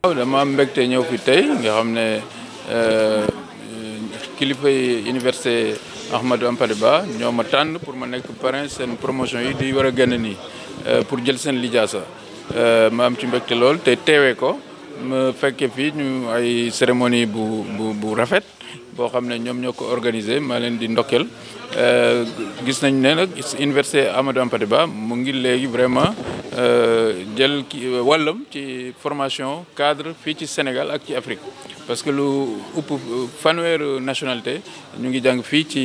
waaw dama am mbégte ñëw fi tey nga xam ne euh, kilifa yi université Ahmadou Hampâté Ba ñoo ma tànn pour ma nekk parrain seen promotion yi di war a génn nii euh, pour jël seen lijaasa euh, ma am ci mbégte lool te teewee ko ma fekkee fii ñu ay cérémonie bu bu bu rafet. boo xam ne ñoom ñoo ko organisé maa leen di ndokkeel euh, gis nañ ne nag université Amadou Hampâté ba mu ngi léegi vraiment euh, jël ki wàllam ci formation cadre fii ci Sénégal ak ci Afrique parce que lu ëpp fanweeru nationalité ñu ngi jàng fii ci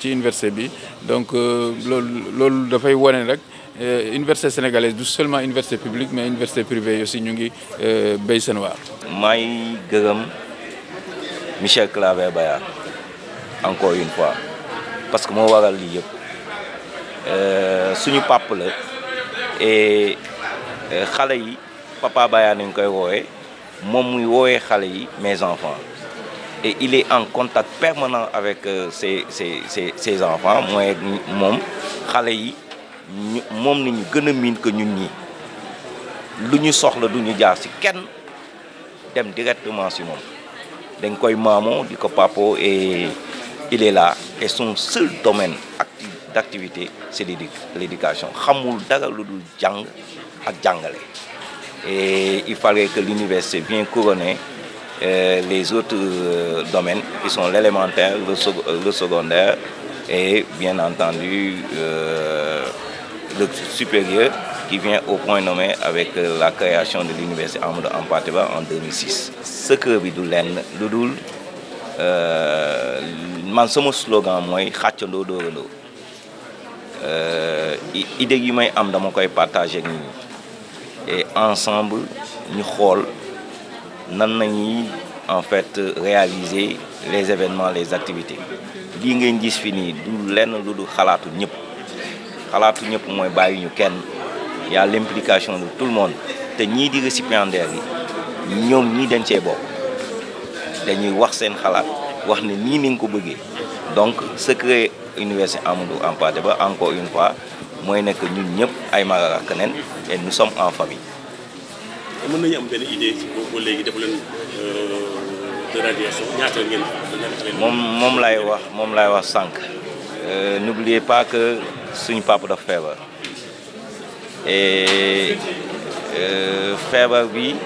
ci université bi donc euh, loolu loolu dafay wane rek université sénégalaise du seulement université publique mais université privée aussi ñu ngi béy seen waar. may gërëm. Michel Claver Bayard encore une fois parce que moo waral lii yëpp euh, suñu pàpp la et euh, xale yi papa Bayard nañ koy woowee moom muy woowee xale yi mes enfants et il est en contact permanent avec euh, ses ses ses ses enfants mooy moom xale yi ñu moom nañu gën a miin que ñun ñi lu ñu soxla duñu jaar si kenn dem directement si moom dañ koy maamu di ko papo et il est là et son seul domaine acti d'activité c'est l'éducation xamul dara lu dul jàng ak jàngale et il fallait que l'université bien couronner euh, les autres euh, domaines qui sont l'élémentaire le, euh, le secondaire et bien entendu euh, le supérieur qui vient au point nommé avec euh, la création de l'université Amadou Hampâté-Bâ en 2006. sëkkër bi du lenn lu dul euh, man sama slogan mooy xàccandoo dóorandoo euh, idée yi may am dama koy partager ak nit ñi et ensemble ñu xool nan nañuy en fait réaliser les événements les activités lii ngeen gis fi nii du lenn lu dul xalaatu ñëpp xalaatu ñëpp mooy bàyyi ñu kenn y a l'implication de tout le monde te ñii di récipiendaire yi ñoom ñii dañ cee bokk dañuy wax seen xalaat wax ne nii ni ko bëggee donc secret université Amadou Hampâté Ba encore une fois mooy nekk ñëpp ay mag keneen et en famille. mën nañu léegi def euh, moom moom lay wax moom lay wax sànq. Euh, n'oubliez pas que. suñu papa dafa feebar et feebar bi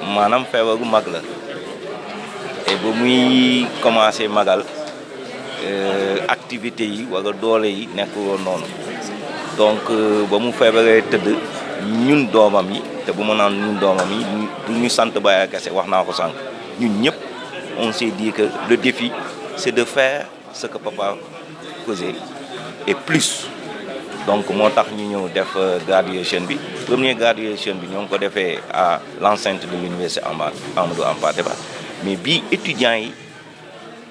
maanaam feebar bu mag la et ba muy commencé magal euh, activité yi wala doole yi nekkul woon noonu donc euh, ba mu feebaree tëdd ñun doomam yi te bu ma naan ñun doomam yi du ñu sant Baye kese wax naa ko sànq ñun ñëpp on s'est dit que le défi c'est de faire ce que papa faisait et plus donc moo tax ñu ñëw def euh, graduation bi premier graduation bi ñoo ngi ko defee à l'enceinte de l'université am Hampâté Bâ mais bii étudiants yi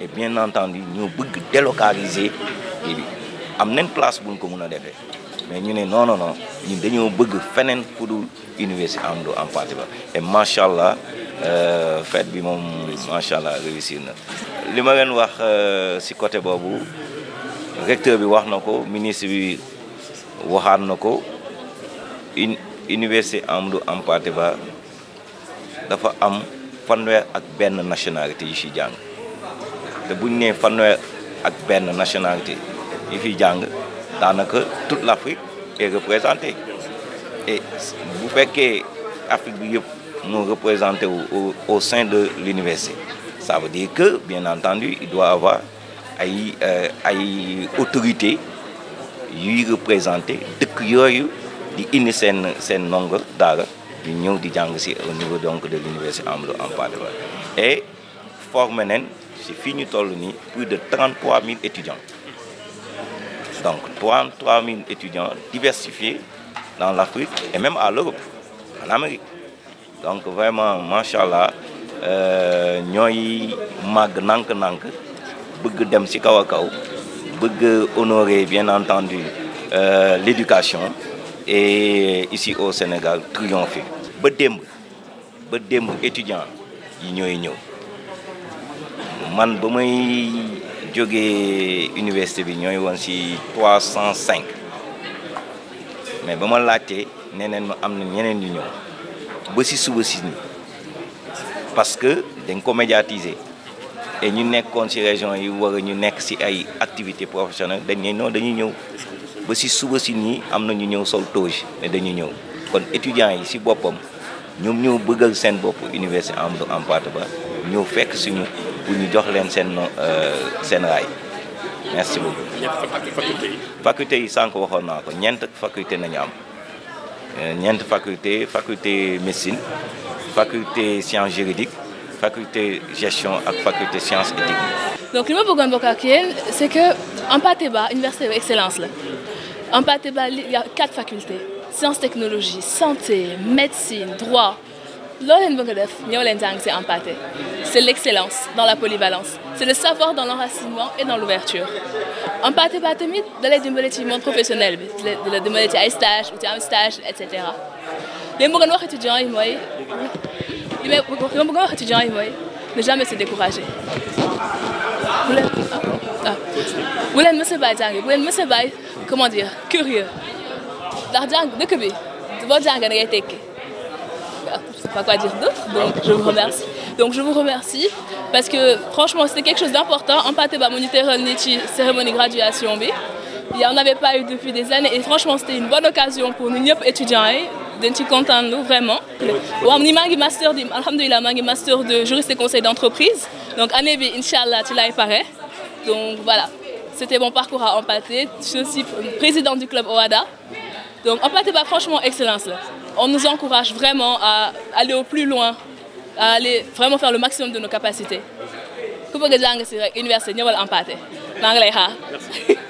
et bien entendu ñoo bëgg délocaliser kii bi am nañ place buñ ko mun a defee mais ñu ne non non dañoo bëgg feneen fu dul université Amadou Hampâté Bâ et macha allah euh, fête bi moom macha allah réussir na li ma leen wax euh, si côté boobu recteur bi wax na ko ministre bi waxaan na ko une université Amadou Hampâté ba dafa am fanweer ak benn nationalité yi fi jàng te buñ nee fanweer ak benn nationalité yi fi jàng daanaka toute l'Afrique est représentée et bu fekkee Afrique bi yëpp moo représenté wu au sein de l'université ça veut dire que bien entendu il doit avoir ay euh, ay autorité yuy représenté dëkk yooyu di indi seen seen ndongo daara ñu ñëw di jàng si au niveau donc de l'université Amadou Hampâté Bâ et formé nañ si fii ñu toll nii plus de 33 000 étudiants donc 33 000 étudiants diversifiés dans l'Afrique et même à l'Europe en Amérique donc vraiment macha allah euh, ñooy màgg nànk-nànk bëgg dem si kaw a kaw bëgg honorer bien entendu euh, l'éducation e ici au Sénégal triompher ba démb ba démb étudiant yi ñooy ñëw man ba may jógee université bi ñooy wan si trois cent cinq mais ba ma laajte neneen ma am na ñeneen ñu ñëw ba si suba ci ni parce que dañ ko médiatiser ñu nekkoon ci région yi war a ñu nekk ci ay activités professionnelles dañu ne non dañuy ñëw ba si suba si nii am na ñu ñëw sol toge ne dañuy ñëw kon étudiants yi si boppam ñoom ñoo bëggal seen bopp université en Hampâté ba ñëw fekk suñu pour ñu jox leen seen euh, seen raay merci beaucoup. faculté yi. faculté sànq waxoon naa ko ñeent faculté nañu am euh, ñeent faculté faculté médecine faculté sciences juridiques. faculté gestion ak faculté sciences éthiques donc li ma bëggoon bokk ak yéen c' est que Ampateba université excellence la Ampateba il y a quatre facultés sciences technologie santé médecine droit loo leen bëgg a def ñëw leen jàng si Ampaté c' l' excellence dans la polyvalence c' est le savoir dans l'enracinement et dans l'ouverture Ampateba tamit da lay dimbale ci monde professionnel bi da ay stage ou ci am stage et cetera li ma bëggoon wax li may li ma yi mooy ne jamais se décourager bu leen ah bu leen mës a bàyyi jàng bu leen mës curieux ndax jàng dëkk bi boo jàngee da ngay tekki waaw ah, je sais pas quoi dire d'autre ah. donc je vous remercie parce que franchement c'était quelque chose d'important empaté ba mu ñu teral ni cérémonie graduation bi il y en avait pas eu depuis des années et franchement c'était une bonne occasion pour nous ñëpp étudiants yi dañ ci kontaan vraiment waaw ni maa ngi master di alhamdulilah maa ngi master de juriste et conseil d'entreprise donc année bi incha allah ci laay pare donc voilà c'était mon parcours à Empaté je suis présidente du club OHADA donc Empaté franchement excellence on nous encourage vraiment à aller au plus loin à aller vraiment faire le maximum de nos capacités ku bëgg a jàng si rek université ñëwal Empaté maa ngi lay xaar.